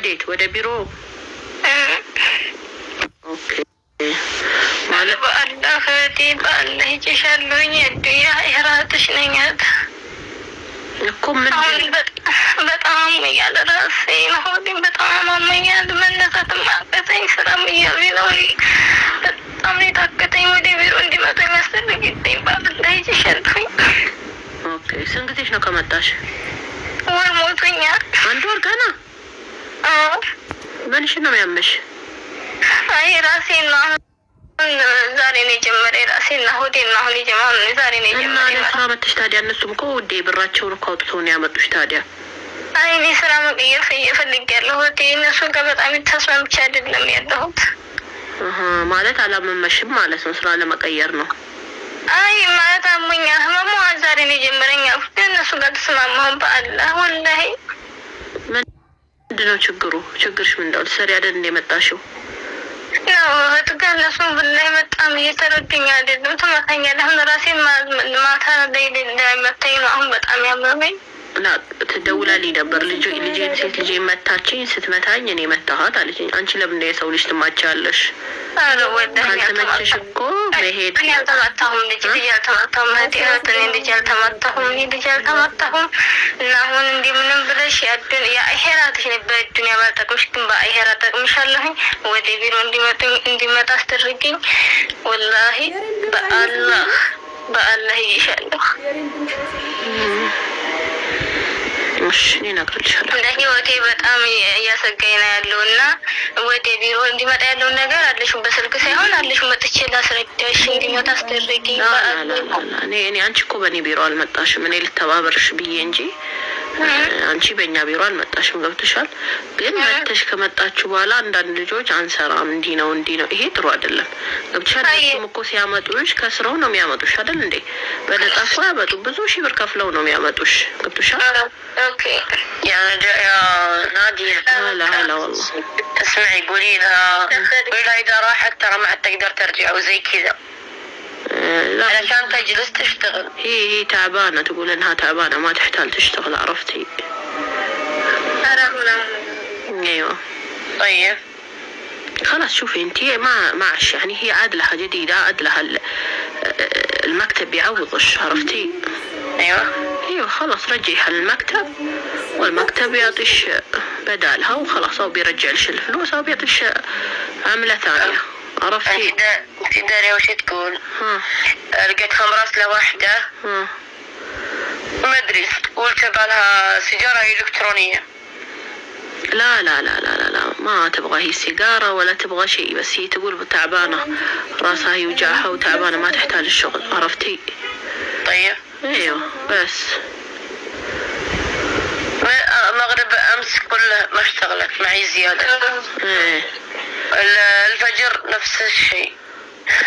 ወዴት? ወደ ቢሮ በአላህ እህቴ በአላህ ይጭሻለኝ። ዱያ የራስሽ ነኛት እኮ ምን በጣም እያለ ራሴ ሆዴን በጣም አመኛል። መነሳት ማቀተኝ ስራም እያሉ ነው። በጣም የታከተኝ ወደ ቢሮ እንዲመጣ የሚያስፈልግኝ በአላህ ይጭሻለኝ። ስንት ጊዜሽ ነው ከመጣሽ? ወር ሞቶኛል። አንድ ወር ገና ምንሽን ነው የሚያመሽ? አይ ራሴ ነው ዛሬ ነው የጀመረ ራሴ ና ሆዴ ና አሁን የጀመረ ዛሬ ነው የጀመረ። እና ለስራ መጥተሽ ታዲያ እነሱም እኮ ውዴ ብራቸውን እኮ አውጥተው ነው ያመጡሽ ታዲያ አይ እኔ ስራ መቀየር እፈልጋለሁ። እህቴ እነሱ ጋር በጣም ተስማምቼ አይደለም ያለሁት። ማለት አላመመሽም ማለት ነው፣ ስራ ለመቀየር ነው። አይ ማለት አሞኛል፣ ህመሙ ዛሬ ነው የጀመረኝ። እነሱ ጋር ተስማማሁን በአላህ ወላሂ ምንድን ነው ችግሩ? ችግርሽ ምን እንዳሉ ሰሪ አይደል እንደ የመጣሽው ያው ጥጋብ ለሱ ብላ መጣም እየተረዱኝ አይደለም። ትመታኛለህ። አሁን ራሴ ማታ ላይ እንዳይመታኝ ነው አሁን በጣም ያመመኝ እና ትደውላልኝ ነበር። ልጄን ሴት ልጄ መታችኝ፣ ስትመታኝ እኔ መታኋት አለችኝ። አንቺ ለምን የሰው ልጅ ትማቻለሽ? ካልተመቸሽ እኮ መሄድ አልተመታሁም። ልጅ ልጅ አልተመታሁም። ህቴናት እኔ ልጅ አልተመታሁም። እኔ ልጅ አልተመታሁም። እና አሁን እንዲህ ምንም ብለሽ የአሄራትሽ በዱኒያ ባልጠቅምሽ ግን በአሄራ ጠቅምሻለሁኝ። ወደ ቢሮ እንዲመጣ አስደርግኝ። ወላሂ በአላህ በአላህ ይሻለሁ ገጠመሽ እኔ እነግርልሻለሁ። እንደ ህይወቴ በጣም እያሰጋኝ ነው ያለው እና ወደ ቢሮ እንዲመጣ ያለውን ነገር አለሽ በስልክ ሳይሆን አለሽ መጥቼ ላስረዳሽ እንዲመጣ አስደረጊ። እኔ አንቺ እኮ በእኔ ቢሮ አልመጣሽም እኔ ልተባበርሽ ብዬ እንጂ አንቺ በእኛ ቢሮ አልመጣሽም፣ ገብትሻል። ግን መተሽ ከመጣችሁ በኋላ አንዳንድ ልጆች አንሰራም፣ እንዲህ ነው እንዲህ ነው፣ ይሄ ጥሩ አይደለም፣ ገብትሻል። እሱም እኮ ሲያመጡሽ ከስረው ነው የሚያመጡሽ አይደል እንዴ? በነጻ ያመጡ ብዙ ሺህ ብር ከፍለው ነው የሚያመጡሽ፣ ገብትሻል። لا لا علشان تجلس تشتغل هي هي تعبانة تقول انها تعبانة ما تحتاج تشتغل عرفتي ايوه طيب خلاص شوفي انت ما معش يعني هي عاد لها جديدة عاد لها المكتب يعوضش عرفتي ايوه ايوه خلاص رجعيها للمكتب والمكتب يعطيش بدالها وخلاص او بيرجعلش الفلوس او بيعطيش عملة ثانية عرفتي انتي داريه واش تقول لقيتها مراسله واحده ما ادري قلت بالها سيجاره الكترونيه لا لا لا لا لا, لا. ما تبغى هي سيجارة ولا تبغى شيء بس هي تقول تعبانة راسها يوجعها وتعبانة ما تحتاج الشغل عرفتي طيب ايوه بس مغرب امس كله ما اشتغلت معي زيادة ايه الفجر نفس الشيء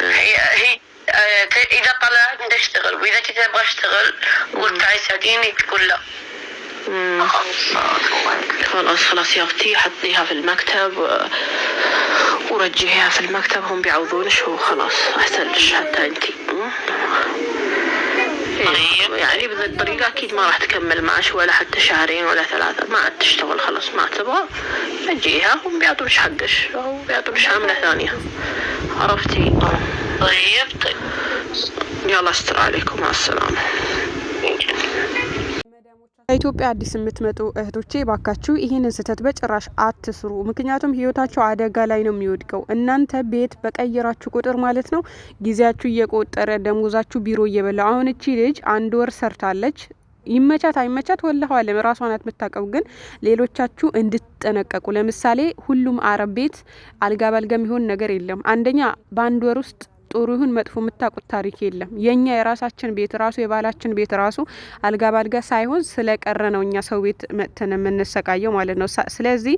هي هي آه، اذا طلعت بدي اشتغل واذا كنت ابغى اشتغل قلت تعي ساعديني تقول لا خلاص خلاص يا اختي حطيها في المكتب ورجعيها في المكتب هم بيعوضونش وخلاص احسن لش حتى انتي إيه، طيب، يعني بذا الطريقة أكيد ما راح تكمل معاش ولا حتى شهرين ولا ثلاثة ما عاد تشتغل خلاص ما عاد تبغى نجيها وبيعطوش حقش أو بيعطوش عاملة ثانية عرفتي طيب, طيب. يلا استر عليكم مع السلامة ከኢትዮጵያ አዲስ የምትመጡ እህቶቼ ባካችሁ ይህንን ስህተት በጭራሽ አትስሩ። ምክንያቱም ህይወታቸው አደጋ ላይ ነው የሚወድቀው። እናንተ ቤት በቀየራችሁ ቁጥር ማለት ነው ጊዜያችሁ እየቆጠረ ደሞዛችሁ ቢሮ እየበላ አሁን እቺ ልጅ አንድ ወር ሰርታለች። ይመቻት አይመቻት ወላሁ አለም ራሷ ናት የምታውቀው። ግን ሌሎቻችሁ እንድትጠነቀቁ። ለምሳሌ ሁሉም አረብ ቤት አልጋ ባልጋ የሚሆን ነገር የለም። አንደኛ በአንድ ወር ውስጥ ጥሩ ይሁን መጥፎ የምታውቁት ታሪክ የለም። የእኛ የራሳችን ቤት ራሱ የባላችን ቤት ራሱ አልጋ ባልጋ ሳይሆን ስለቀረ ነው እኛ ሰው ቤት መጥተን የምንሰቃየው ማለት ነው። ስለዚህ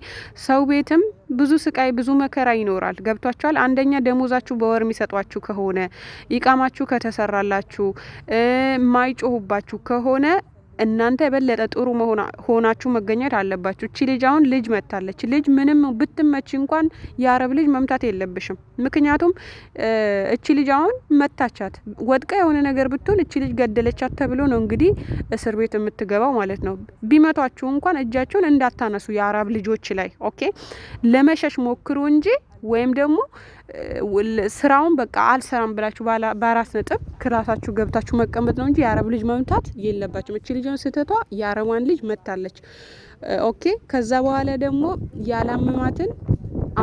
ሰው ቤትም ብዙ ስቃይ ብዙ መከራ ይኖራል። ገብቷችኋል? አንደኛ ደሞዛችሁ በወር የሚሰጧችሁ ከሆነ ኢቃማችሁ ከተሰራላችሁ ማይጮሁባችሁ ከሆነ እናንተ የበለጠ ጥሩ ሆናችሁ መገኘት አለባችሁ። እቺ ልጅ አሁን ልጅ መታለች። ልጅ ምንም ብትመች እንኳን የአረብ ልጅ መምታት የለብሽም። ምክንያቱም እቺ ልጅ አሁን መታቻት፣ ወድቃ የሆነ ነገር ብትሆን እቺ ልጅ ገደለቻት ተብሎ ነው እንግዲህ እስር ቤት የምትገባው ማለት ነው። ቢመቷችሁ እንኳን እጃችሁን እንዳታነሱ የአረብ ልጆች ላይ ኦኬ። ለመሸሽ ሞክሩ እንጂ ወይም ደግሞ ስራውን በቃ አልሰራም ብላችሁ በአራት ነጥብ ክላሳችሁ ገብታችሁ መቀመጥ ነው እንጂ የአረብ ልጅ መምታት የለባችሁም። እቺ ልጅን ስህተቷ የአረቧን ልጅ መታለች። ኦኬ። ከዛ በኋላ ደግሞ ያላመማትን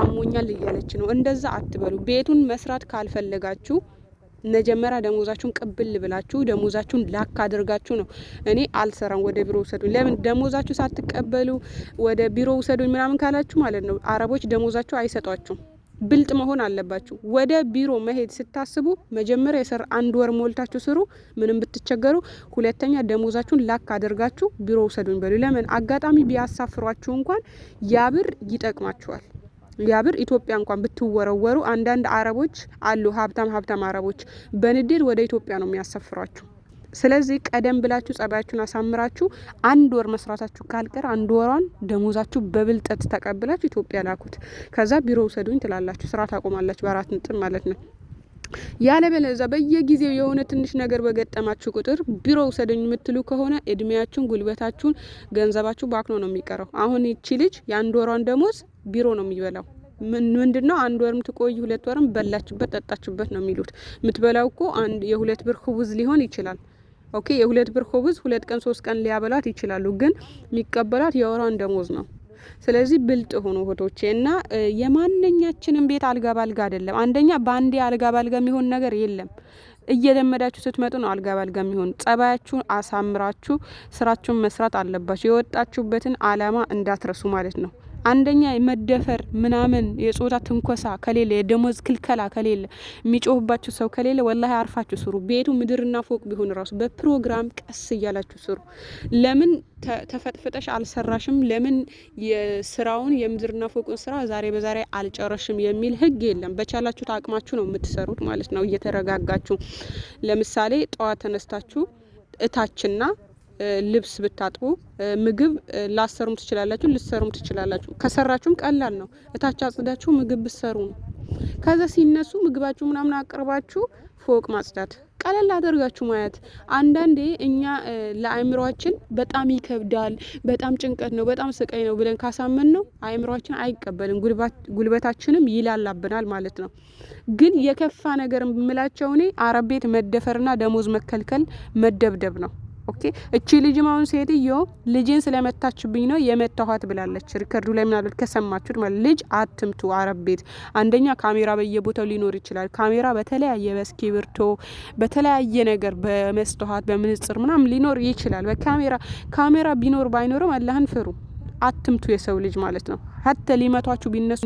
አሞኛል እያለች ነው። እንደዛ አትበሉ። ቤቱን መስራት ካልፈለጋችሁ መጀመሪያ ደሞዛችሁን ቅብል ብላችሁ ደሞዛችሁን ላክ አድርጋችሁ ነው እኔ አልሰራም ወደ ቢሮ ውሰዱ። ለምን ደሞዛችሁ ሳትቀበሉ ወደ ቢሮ ውሰዱኝ ምናምን ካላችሁ ማለት ነው አረቦች ደሞዛችሁ አይሰጧችሁም። ብልጥ መሆን አለባችሁ። ወደ ቢሮ መሄድ ስታስቡ መጀመሪያ የሰር አንድ ወር ሞልታችሁ ስሩ፣ ምንም ብትቸገሩ። ሁለተኛ ደሞዛችሁን ላክ አድርጋችሁ ቢሮ ውሰዱኝ በሉ። ለምን አጋጣሚ ቢያሳፍሯችሁ እንኳን ያብር ብር ይጠቅማችኋል። ሊያብር ኢትዮጵያ እንኳን ብትወረወሩ አንዳንድ አረቦች አሉ፣ ሀብታም ሀብታም አረቦች በንዴድ ወደ ኢትዮጵያ ነው የሚያሰፍሯችሁ። ስለዚህ ቀደም ብላችሁ ጸባያችሁን አሳምራችሁ አንድ ወር መስራታችሁ ካልቀር አንድ ወሯን ደሞዛችሁ በብልጠት ተቀብላችሁ ኢትዮጵያ ላኩት። ከዛ ቢሮ ውሰዱኝ ትላላችሁ፣ ስራ ታቆማላችሁ በአራት ነጥብ ማለት ነው። ያለበለዛ በየጊዜው የሆነ ትንሽ ነገር በገጠማችሁ ቁጥር ቢሮ ውሰደኝ የምትሉ ከሆነ እድሜያችሁን፣ ጉልበታችሁን፣ ገንዘባችሁ ባክኖ ነው የሚቀረው። አሁን ይቺ ልጅ የአንድ ወሯን ደሞዝ ቢሮ ነው የሚበላው። ምንድን ነው አንድ ወርም ትቆይ ሁለት ወርም በላችበት ጠጣችበት ነው የሚሉት። የምትበላው እኮ አንድ የሁለት ብር ክቡዝ ሊሆን ይችላል። ኦኬ የሁለት ብር ክቡዝ ሁለት ቀን ሶስት ቀን ሊያበላት ይችላሉ። ግን የሚቀበላት የወሯን ደሞዝ ነው። ስለዚህ ብልጥ ሁኑ እህቶቼ እና የማንኛችንም ቤት አልጋ ባልጋ አይደለም። አንደኛ በአንዴ አልጋ ባልጋ የሚሆን ነገር የለም። እየለመዳችሁ ስትመጡ ነው አልጋ ባልጋ የሚሆን። ጸባያችሁ አሳምራችሁ ስራችሁን መስራት አለባችሁ። የወጣችሁበትን አላማ እንዳትረሱ ማለት ነው። አንደኛ መደፈር ምናምን የጾታ ትንኮሳ ከሌለ፣ የደሞዝ ክልከላ ከሌለ፣ የሚጮህባችሁ ሰው ከሌለ ወላሂ አርፋችሁ ስሩ። ቤቱ ምድርና ፎቅ ቢሆን ራሱ በፕሮግራም ቀስ እያላችሁ ስሩ። ለምን ተፈጥፍጠሽ አልሰራሽም? ለምን የስራውን የምድርና ፎቁን ስራ ዛሬ በዛሬ አልጨረሽም የሚል ህግ የለም። በቻላችሁት አቅማችሁ ነው የምትሰሩት ማለት ነው። እየተረጋጋችሁ ለምሳሌ ጠዋት ተነስታችሁ እታችና ልብስ ብታጥቡ፣ ምግብ ላሰሩም ትችላላችሁ፣ ልሰሩም ትችላላችሁ። ከሰራችሁም ቀላል ነው። እታች አጽዳችሁ ምግብ ብሰሩ ነው። ከዛ ሲነሱ ምግባችሁ ምናምን አቅርባችሁ ፎቅ ማጽዳት ቀለል አደርጋችሁ ማየት። አንዳንዴ እኛ ለአእምሯችን በጣም ይከብዳል፣ በጣም ጭንቀት ነው፣ በጣም ስቃይ ነው ብለን ካሳመን ነው አእምሯችን አይቀበልም፣ ጉልበታችንም ይላላብናል ማለት ነው። ግን የከፋ ነገር የምላቸው እኔ አረብ ቤት መደፈርና ደሞዝ መከልከል መደብደብ ነው። ኦኬ እቺ ልጅም አሁን ሴትየው ልጅን ስለመታችብኝ ነው የመታኋት ብላለች። ሪከርዱ ላይ ምናለች ከሰማችሁት ማለት ልጅ አትምቱ። አረብ ቤት አንደኛ ካሜራ በየቦታው ሊኖር ይችላል። ካሜራ በተለያየ በእስክሪብቶ በተለያየ ነገር በመስተኋት በምንጽር ምናም ሊኖር ይችላል። በካሜራ ካሜራ ቢኖር ባይኖርም አላህን ፍሩ። አትምቱ የሰው ልጅ ማለት ነው። ሀተ ሊመቷችሁ ቢነሱ